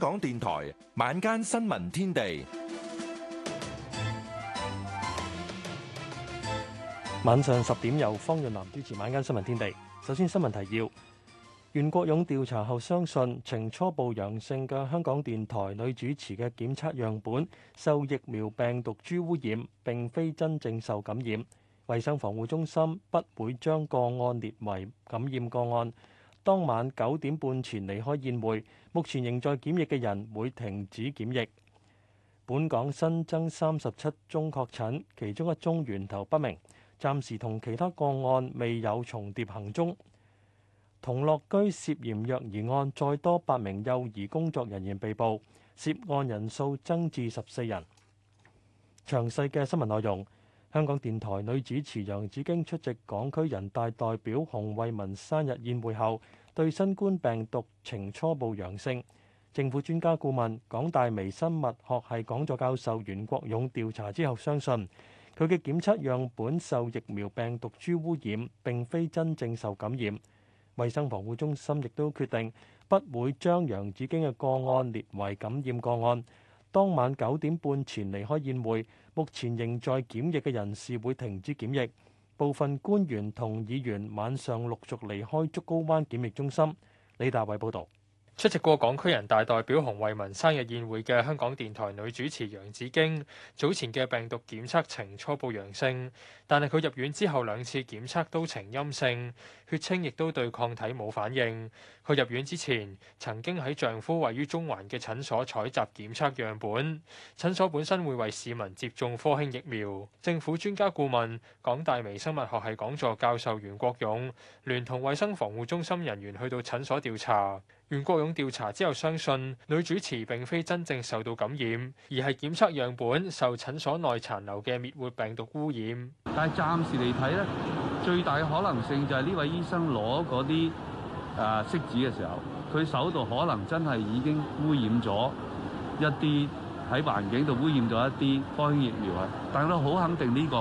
香港電台晚間新聞天地，晚上十點由方潤南主持晚間新聞天地。首先新聞提要：袁國勇調查後相信，呈初步陽性嘅香港電台女主持嘅檢測樣本受疫苗病毒株污染，並非真正受感染。衛生防護中心不會將個案列為感染個案。當晚九點半前離開宴會，目前仍在檢疫嘅人會停止檢疫。本港新增三十七宗確診，其中一宗源頭不明，暫時同其他個案未有重疊行蹤。同樂居涉嫌虐兒案再多八名幼兒工作人員被捕，涉案人數增至十四人。詳細嘅新聞內容。香港電台女主持楊子京出席港區人大代表洪為民生日宴會後，對新冠病毒呈初步陽性。政府專家顧問、港大微生物學系講座教授袁國勇調查之後，相信佢嘅檢測樣本受疫苗病毒株污染，並非真正受感染。衛生防護中心亦都決定不會將楊子京嘅個案列為感染個案。當晚九點半前離開宴會，目前仍在檢疫嘅人士會停止檢疫。部分官員同議員晚上陸續離開竹篙灣檢疫中心。李大偉報道。出席過港區人大代表洪為民生日宴會嘅香港電台女主持楊紫京，早前嘅病毒檢測呈初步陽性，但係佢入院之後兩次檢測都呈陰性，血清亦都對抗體冇反應。佢入院之前曾經喺丈夫位於中環嘅診所採集檢測樣本，診所本身會為市民接種科興疫苗。政府專家顧問、港大微生物學系講座教授袁國勇，聯同衛生防護中心人員去到診所調查。袁國勇調查之後，相信女主持並非真正受到感染，而係檢測樣本受診所內殘留嘅滅活病毒污染。但係暫時嚟睇咧，最大嘅可能性就係呢位醫生攞嗰啲啊拭紙嘅時候，佢手度可能真係已經污染咗一啲喺環境度污染咗一啲科興疫苗啊。但係我好肯定呢個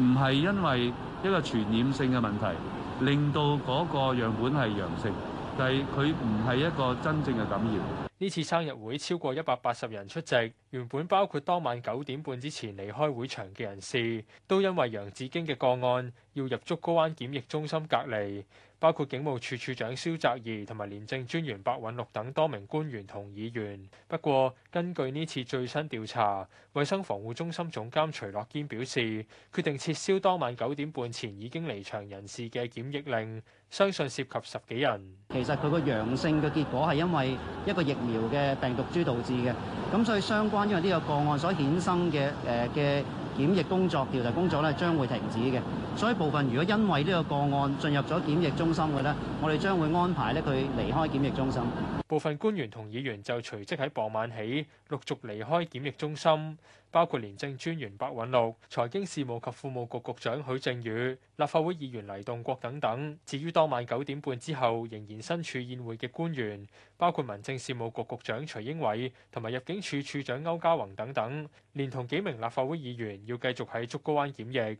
唔係因為一個傳染性嘅問題，令到嗰個樣本係陽性。但係，佢唔係一個真正嘅感染。呢次生日會超過一百八十人出席，原本包括當晚九點半之前離開會場嘅人士，都因為楊子京嘅個案要入竹篙灣檢疫中心隔離。包括警務處處長蕭澤頤同埋廉政專員白韞六等多名官員同議員。不過，根據呢次最新調查，衛生防護中心總監徐樂堅表示，決定撤銷當晚九點半前已經離場人士嘅檢疫令，相信涉及十幾人。其實佢個陽性嘅結果係因為一個疫苗嘅病毒株導致嘅，咁所以相關因為呢個個案所衍生嘅誒嘅。檢疫工作、調查工作咧，將會停止嘅，所以部分如果因為呢個個案進入咗檢疫中心嘅咧，我哋將會安排咧佢離開檢疫中心。部分官員同議員就隨即喺傍晚起陸續離開檢疫中心。包括廉政專員白韞六、財經事務及庫務局局長許正宇、立法會議員黎棟國等等。至於當晚九點半之後仍然身處宴會嘅官員，包括民政事務局局長徐英偉同埋入境處處長區嘉宏等等，連同幾名立法會議員，要繼續喺竹篙灣檢疫。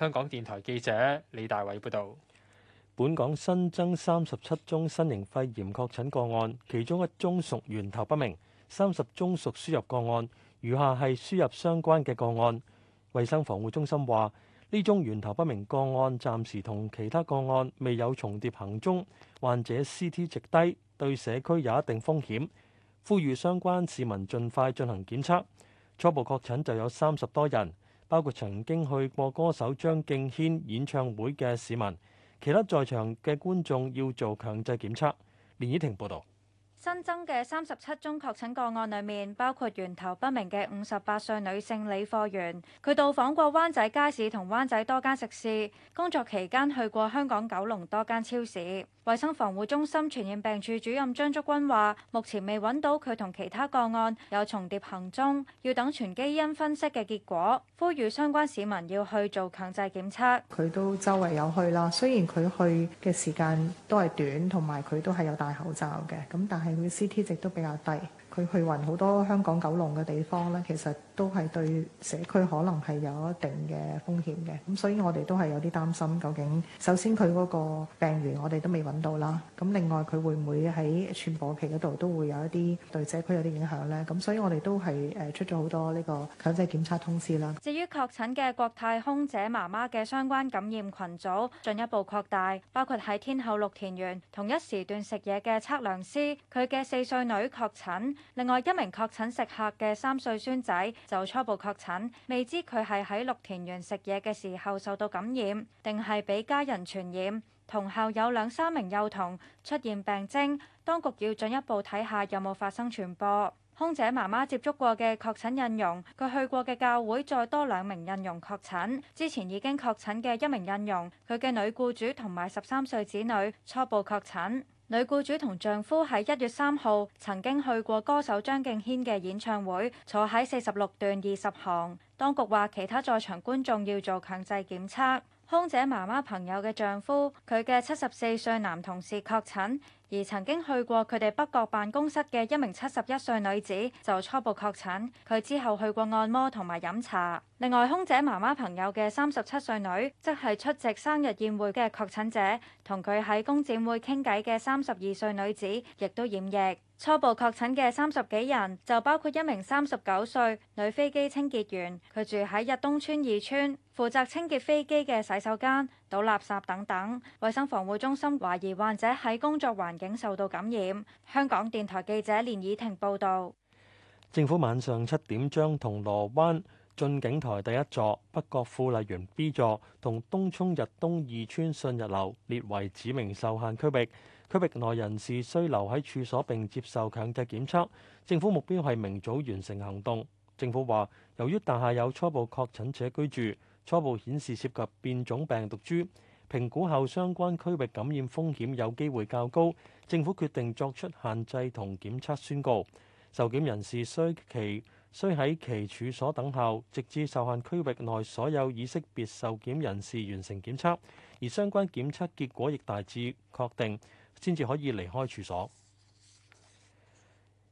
香港電台記者李大偉報導。本港新增三十七宗新型肺炎確診個案，其中一宗屬源頭不明，三十宗屬輸入個案。餘下係輸入相關嘅個案，衛生防護中心話呢宗源頭不明個案暫時同其他個案未有重疊行蹤，患者 CT 值低，對社區有一定風險，呼籲相關市民盡快進行檢測。初步確診就有三十多人，包括曾經去過歌手張敬軒演唱會嘅市民，其他在場嘅觀眾要做強制檢測。連怡婷報導。新增嘅三十七宗確診個案裏面，包括源頭不明嘅五十八歲女性理貨員，佢到訪過灣仔街市同灣仔多間食肆，工作期間去過香港九龍多間超市。衛生防護中心傳染病處主任張竹君話，目前未揾到佢同其他個案有重疊行蹤，要等全基因分析嘅結果。呼籲相關市民要去做強制檢測。佢都周圍有去啦，雖然佢去嘅時間都係短，同埋佢都係有戴口罩嘅，咁但係佢 CT 值都比較低。佢去匀好多香港九龍嘅地方咧，其實。都係對社區可能係有一定嘅風險嘅，咁所以我哋都係有啲擔心。究竟首先佢嗰個病源我哋都未揾到啦，咁另外佢會唔會喺傳播期嗰度都會有一啲對社區有啲影響呢？咁所以我哋都係誒出咗好多呢個強制檢測通知啦。至於確診嘅國泰空姐媽媽嘅相關感染群組進一步擴大，包括喺天后綠田園同一時段食嘢嘅測量師，佢嘅四歲女確診，另外一名確診食客嘅三歲孫仔。就初步確診，未知佢係喺綠田園食嘢嘅時候受到感染，定係俾家人傳染。同校有兩三名幼童出現病徵，當局要進一步睇下有冇發生傳播。空姐媽媽接觸過嘅確診印傭，佢去過嘅教會再多兩名印傭確診，之前已經確診嘅一名印傭，佢嘅女僱主同埋十三歲子女初步確診。女僱主同丈夫喺一月三號曾經去過歌手張敬軒嘅演唱會，坐喺四十六段二十行。當局話其他在場觀眾要做強制檢測。空姐媽媽朋友嘅丈夫，佢嘅七十四歲男同事確診，而曾經去過佢哋北角辦公室嘅一名七十一歲女子就初步確診。佢之後去過按摩同埋飲茶。另外，空姐媽媽朋友嘅三十七歲女，即係出席生日宴會嘅確診者，同佢喺工展會傾偈嘅三十二歲女子亦都染疫。初步確診嘅三十幾人就包括一名三十九歲女飛機清潔員，佢住喺日東邨二邨。負責清潔飛機嘅洗手間、倒垃圾等等，衛生防護中心懷疑患者喺工作環境受到感染。香港電台記者連以婷報導。政府晚上七點將銅鑼灣進境台第一座、北角富麗園 B 座同東涌日東二村信日樓列為指明受限區域，區域內人士需留喺處所並接受強制檢測。政府目標係明早完成行動。政府話，由於大廈有初步確診者居住。初步顯示涉及變種病毒株，評估後相關區域感染風險有機會較高，政府決定作出限制同檢測宣告。受檢人士須其須喺其處所等候，直至受限區域內所有已識別受檢人士完成檢測，而相關檢測結果亦大致確定，先至可以離開處所。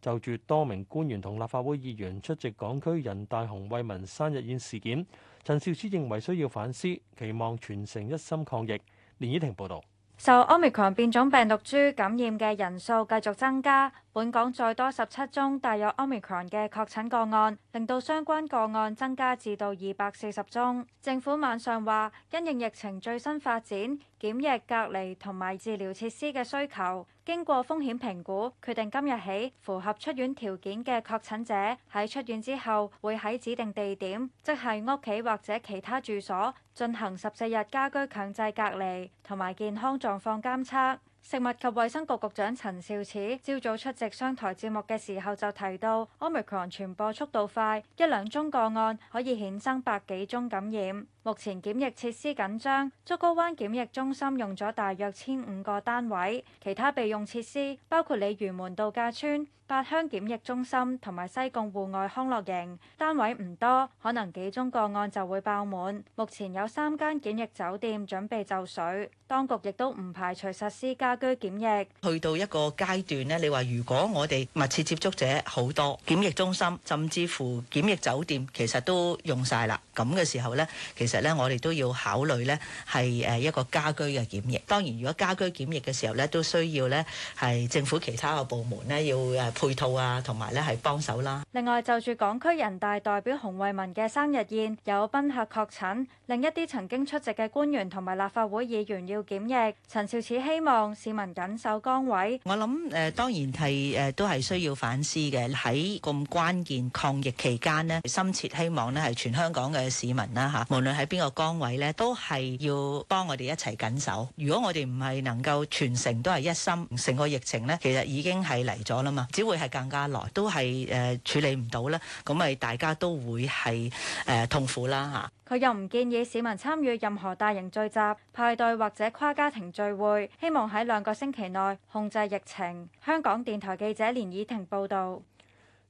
就住多名官員同立法會議員出席港區人大洪為民生日宴事件，陳肇始認為需要反思，期望全城一心抗疫。連依婷報導，受 Omicron 變種病毒株感染嘅人數繼續增加，本港再多十七宗帶有 Omicron 嘅確診個案，令到相關個案增加至到二百四十宗。政府晚上話，因應疫情最新發展，檢疫隔離同埋治療設施嘅需求，經過風險評估，決定今日起符合出院條件嘅確診者喺出院之後，會喺指定地點，即係屋企或者其他住所，進行十四日家居強制隔離同埋健康狀況監測。食物及衛生局局長陳肇始朝早出席商台節目嘅時候就提到，omicron 傳播速度快，一兩宗個案可以衍生百幾宗感染。目前檢疫設施緊張，竹篙灣檢疫中心用咗大約千五個單位，其他備用設施包括鯉魚門度假村、八鄉檢疫中心同埋西貢戶外康樂營，單位唔多，可能幾宗個案就會爆滿，目前有三間檢疫酒店準備就緒，當局亦都唔排除實施家居檢疫。去到一個階段咧，你話如果我哋密切接觸者好多，檢疫中心甚至乎檢疫酒店其實都用晒啦，咁嘅時候咧，其實。咧，我哋都要考慮咧，係誒一個家居嘅檢疫。當然，如果家居檢疫嘅時候咧，都需要咧係政府其他嘅部門咧，要誒配套啊，同埋咧係幫手啦。另外，就住港區人大代表洪慧文嘅生日宴有賓客確診，另一啲曾經出席嘅官員同埋立法會議員要檢疫。陳肇始希望市民緊守崗位。我諗誒、呃，當然係誒、呃，都係需要反思嘅。喺咁關鍵抗疫期間呢，深切希望呢係全香港嘅市民啦嚇，無論係，邊個崗位咧，都係要幫我哋一齊緊守。如果我哋唔係能夠全城，都係一心，成個疫情咧，其實已經係嚟咗啦嘛，只會係更加耐，都係誒、呃、處理唔到咧。咁咪大家都會係誒、呃、痛苦啦吓。佢又唔建議市民參與任何大型聚集、派對或者跨家庭聚會，希望喺兩個星期內控制疫情。香港電台記者連以婷報道。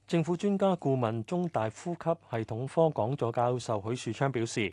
政府專家顧問、中大呼吸系統科講座教授許樹昌表示，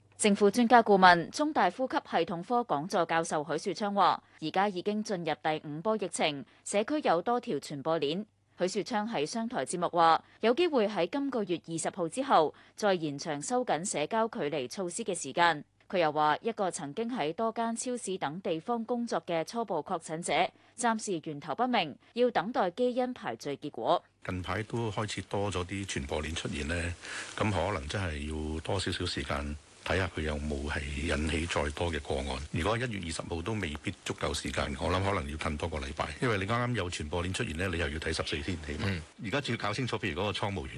政府專家顧問、中大呼吸系統科講座教授許樹昌話：而家已經進入第五波疫情，社區有多條傳播鏈。許樹昌喺商台節目話：有機會喺今個月二十號之後再延長收緊社交距離措施嘅時間。佢又話：一個曾經喺多間超市等地方工作嘅初步確診者，暫時源頭不明，要等待基因排序結果。近排都開始多咗啲傳播鏈出現呢，咁可能真係要多少少時間。睇下佢有冇係引起再多嘅個案。如果一月二十號都未必足夠時間，我諗可能要近多個禮拜。因為你啱啱有傳播鏈出現咧，你又要睇十四天起碼。而家只要搞清楚，譬如嗰個倉務員，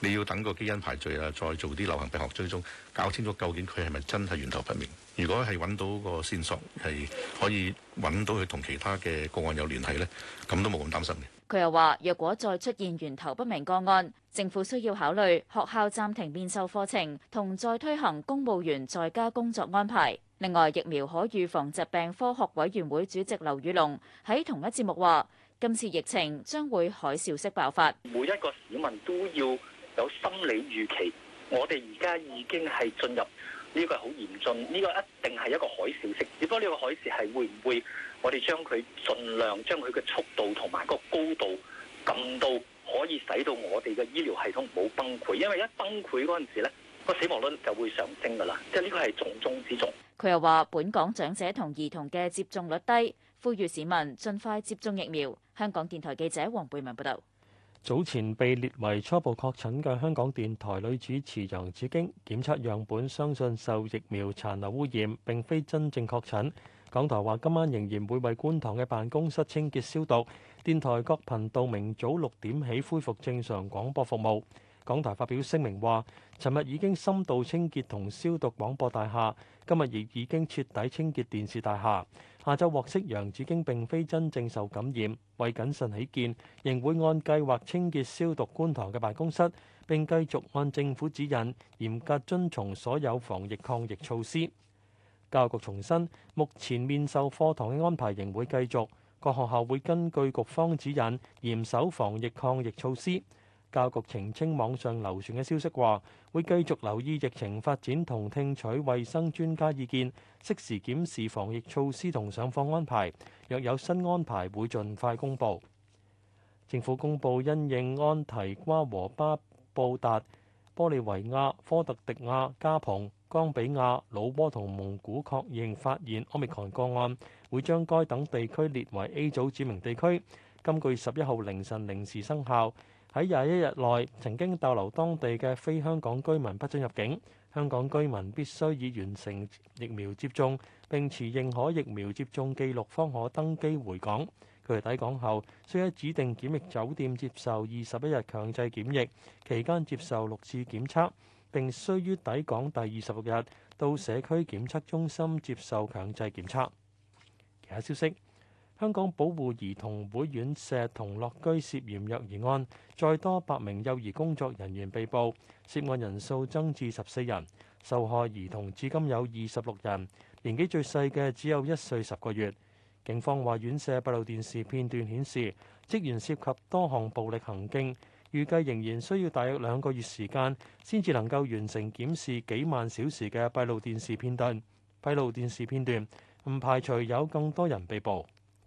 你要等個基因排序啊，再做啲流行病學追蹤，搞清楚究竟佢係咪真係源頭不明。如果係揾到個線索，係可以揾到佢同其他嘅個案有聯繫咧，咁都冇咁擔心嘅。佢又話：若果再出現源頭不明個案，政府需要考慮學校暫停面授課程，同再推行公務員在家工作安排。另外，疫苗可預防疾病科學委員會主席劉宇龍喺同一節目話：今次疫情將會海嘯式爆發，每一個市民都要有心理預期。我哋而家已經係進入。呢個好嚴峻，呢個一定係一個海嘯式。只不過呢個海嘯係會唔會我哋將佢盡量將佢嘅速度同埋個高度撳到可以使到我哋嘅醫療系統唔好崩潰，因為一崩潰嗰陣時咧個死亡率就會上升噶啦。即係呢個係重中之重。佢又話本港長者同兒童嘅接種率低，呼籲市民盡快接種疫苗。香港電台記者黃貝文報道。早前被列為初步確診嘅香港電台女主持楊子京，檢測樣本相信受疫苗殘留污染，並非真正確診，港台話今晚仍然會為觀塘嘅辦公室清潔消毒，電台各頻道明早六點起恢復正常廣播服務。港台發表聲明話，尋日已經深度清潔同消毒廣播大廈，今日亦已經徹底清潔電視大廈。下晝獲悉楊子京並非真正受感染，為謹慎起見，仍會按計劃清潔消毒觀塘嘅辦公室，並繼續按政府指引嚴格遵從所有防疫抗疫措施。教育局重申，目前面授課堂嘅安排仍會繼續，各學校會根據局方指引嚴守防疫抗疫措施。教局澄清網上流傳嘅消息，話會繼續留意疫情發展，同聽取衞生專家意見，適時檢視防疫措施同上課安排。若有新安排，會盡快公布。政府公布因應安提瓜和巴布達、玻利維亞、科特迪亞、加蓬、岡比亞、老撾同蒙古確認發現奧密克戎個案，會將該等地區列為 A 組指明地區。今個月十一號凌晨零時生效。喺廿一日內曾經逗留當地嘅非香港居民不准入境，香港居民必須已完成疫苗接種並持認可疫苗接種記錄方可登機回港。佢哋抵港後需喺指定檢疫酒店接受二十一日強制檢疫，期間接受六次檢測，並須於抵港第二十六日到社區檢測中心接受強制檢測。其他消息。香港保護兒童會院舍同樂居涉嫌虐兒案，再多八名幼兒工作人員被捕，涉案人數增至十四人。受害兒童至今有二十六人，年紀最細嘅只有一歲十個月。警方話，院舍閉路電視片段顯示，職員涉及多項暴力行徑。預計仍然需要大約兩個月時間，先至能夠完成檢視幾萬小時嘅閉路電視片段。閉路電視片段唔排除有更多人被捕。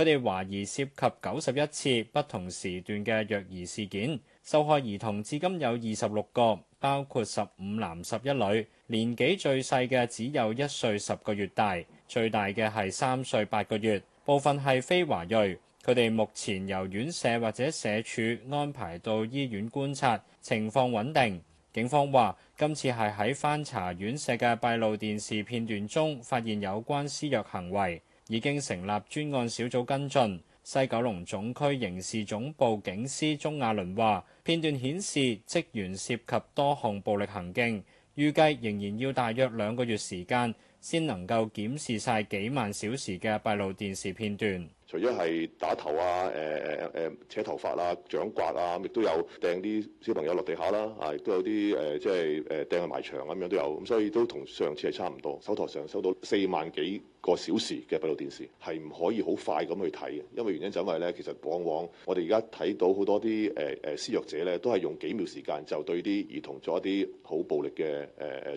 佢哋懷疑涉及九十一次不同時段嘅虐兒事件，受害兒童至今有二十六個，包括十五男十一女，年紀最細嘅只有一歲十個月大，最大嘅係三歲八個月，部分係非華裔。佢哋目前由院舍或者社署安排到醫院觀察，情況穩定。警方話今次係喺翻查院舍嘅閉路電視片段中發現有關私虐行為。已經成立專案小組跟進。西九龍總區刑事總部警司鍾亞倫話：片段顯示職員涉及多項暴力行徑，預計仍然要大約兩個月時間先能夠檢視晒幾萬小時嘅閉路電視片段。除咗係打頭啊，誒誒誒扯頭髮啊、掌摑啊，亦都有掟啲小朋友落地下啦、啊，啊亦都有啲誒即係誒掟去埋牆咁樣都有，咁所以都同上次係差唔多。手頭上收到四萬幾。個小時嘅閉路電視係唔可以好快咁去睇嘅，因為原因就係咧，其實往往我哋而家睇到好多啲誒誒施虐者咧，都係用幾秒時間就對啲兒童做一啲好暴力嘅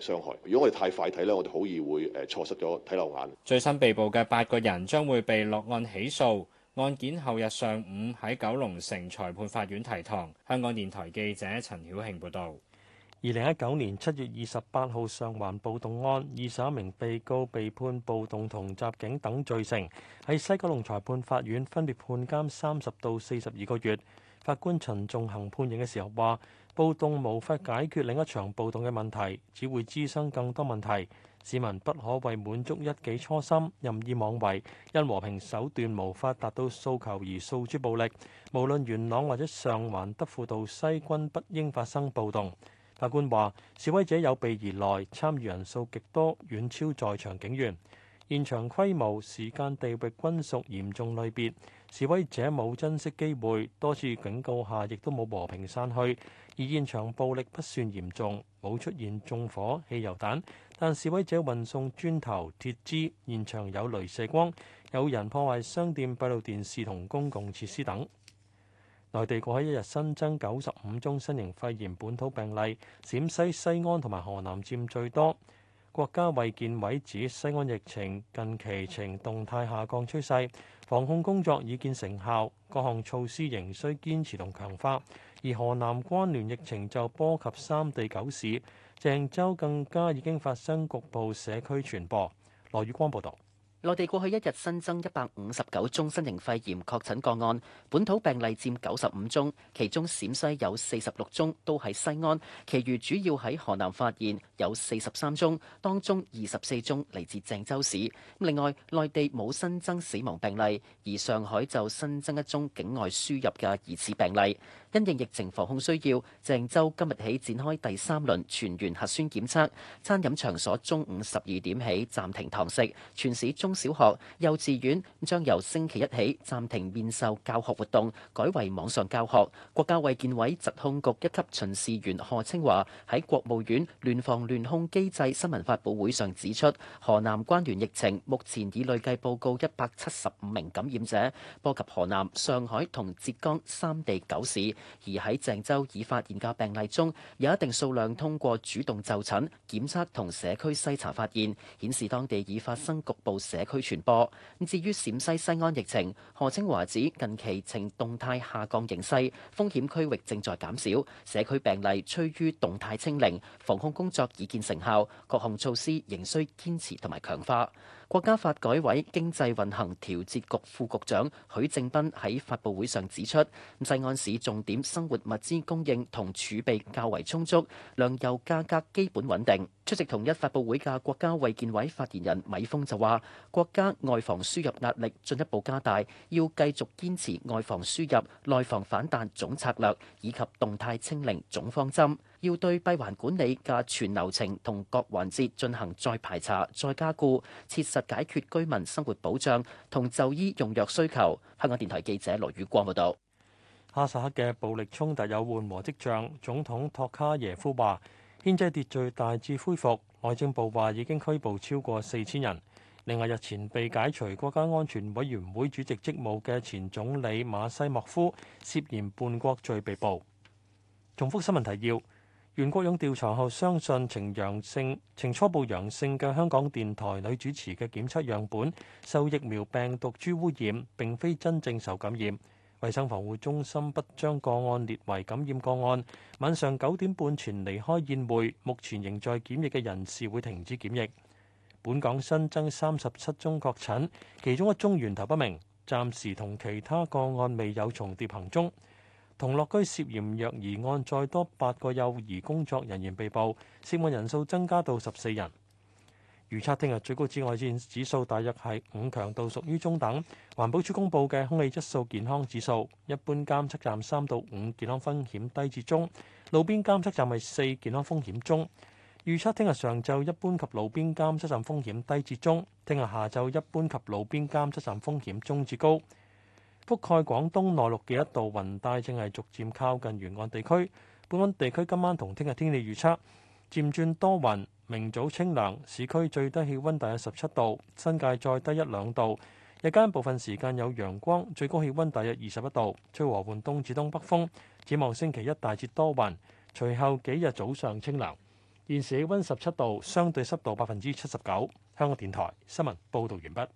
誒誒傷害。如果我哋太快睇咧，我哋好易會誒錯失咗睇漏眼。最新被捕嘅八個人將會被落案起訴，案件後日上午喺九龍城裁判法院提堂。香港電台記者陳曉慶報道。二零一九年七月二十八號上環暴動案，二十一名被告被判暴動、同襲警等罪成，喺西九龍裁判法院分別判監三十到四十二個月。法官陳仲恒判刑嘅時候話：暴動無法解決另一場暴動嘅問題，只會滋生更多問題。市民不可為滿足一己初心任意妄為，因和平手段無法達到訴求而訴諸暴力。無論元朗或者上環德輔道西，均不應發生暴動。法官話：示威者有備而來，參與人數極多，遠超在場警員。現場規模、時間、地域均屬嚴重類別。示威者冇珍惜機會，多次警告下亦都冇和平散去。而現場暴力不算嚴重，冇出現縱火、汽油彈，但示威者運送磚頭、鐵枝，現場有鐳射光，有人破壞商店閉路電視同公共設施等。內地過去一日新增九十五宗新型肺炎本土病例，陝西西安同埋河南佔最多。國家衛健委指西安疫情近期呈動態下降趨勢，防控工作已見成效，各項措施仍需堅持同強化。而河南關聯疫情就波及三地九市，鄭州更加已經發生局部社區傳播。羅宇光報道。內地過去一日新增一百五十九宗新型肺炎確診個案，本土病例佔九十五宗，其中陝西有四十六宗，都喺西安，其餘主要喺河南發現有四十三宗，當中二十四宗嚟自鄭州市。另外，內地冇新增死亡病例，而上海就新增一宗境外輸入嘅疑似病例。因應疫情防控需要，鄭州今日起展開第三輪全員核酸檢測。餐飲場所中午十二點起暫停堂食。全市中小學、幼稚園將由星期一起暫停面授教學活動，改為網上教學。國家衛健委疾控局一級巡視員賀清華喺國務院聯防聯控機制新聞發佈會上指出，河南關聯疫情目前已累計報告一百七十五名感染者，波及河南、上海同浙江三地九市。而喺鄭州已發現嘅病例中，有一定數量通過主動就診、檢測同社區篩查發現，顯示當地已發生局部社區傳播。至於陝西西安疫情，何清華指近期呈動態下降形勢，風險區域正在減少，社區病例趨於動態清零，防控工作已見成效，各項措施仍需堅持同埋強化。國家發改委經濟運行調節局副局長許正斌喺發佈會上指出，西安市重點生活物資供應同儲備較為充足，糧油價格基本穩定。出席同一發佈會嘅國家衛健委發言人米峰就話：國家外防輸入壓力進一步加大，要繼續堅持外防輸入、內防反彈總策略以及動態清零總方針，要對閉環管理嘅全流程同各環節進行再排查、再加固，切實解決居民生活保障同就醫用藥需求。香港電台記者羅宇光報道，哈薩克嘅暴力衝突有緩和跡象，總統托卡耶夫話。編制秩序大致恢復，內政部話已經拘捕超過四千人。另外，日前被解除國家安全委員會主席職務嘅前總理馬西莫夫涉嫌叛國罪被捕。重複新聞提要：袁國勇調查後相信，呈陽性、呈初步陽性嘅香港電台女主持嘅檢測樣本受疫苗病毒株污染，並非真正受感染。衛生防護中心不將個案列為感染個案。晚上九點半前離開宴會，目前仍在檢疫嘅人士會停止檢疫。本港新增三十七宗確診，其中一宗源頭不明，暫時同其他個案未有重疊行蹤。同樂居涉嫌虐兒案再多八個幼兒工作人員被捕，涉案人數增加到十四人。預測聽日最高紫外線指數大約係五，強度屬於中等。環保署公布嘅空氣質素健康指數，一般監測站三到五，健康風險低至中；路邊監測站係四，健康風險中。預測聽日上晝一般及路邊監測站風險低至中，聽日下晝一般及路邊監測站風險中至高。覆蓋廣東內陸嘅一道雲帶正係逐漸靠近沿岸地區。本港地區今晚同聽日天氣預測漸轉多雲。明早清涼，市區最低氣溫大約十七度，新界再低一兩度。日間部分時間有陽光，最高氣溫大約二十一度，吹和緩東至東北風。展望星期一大致多雲，隨後幾日早上清涼。現時氣溫十七度，相對濕度百分之七十九。香港電台新聞報道完畢。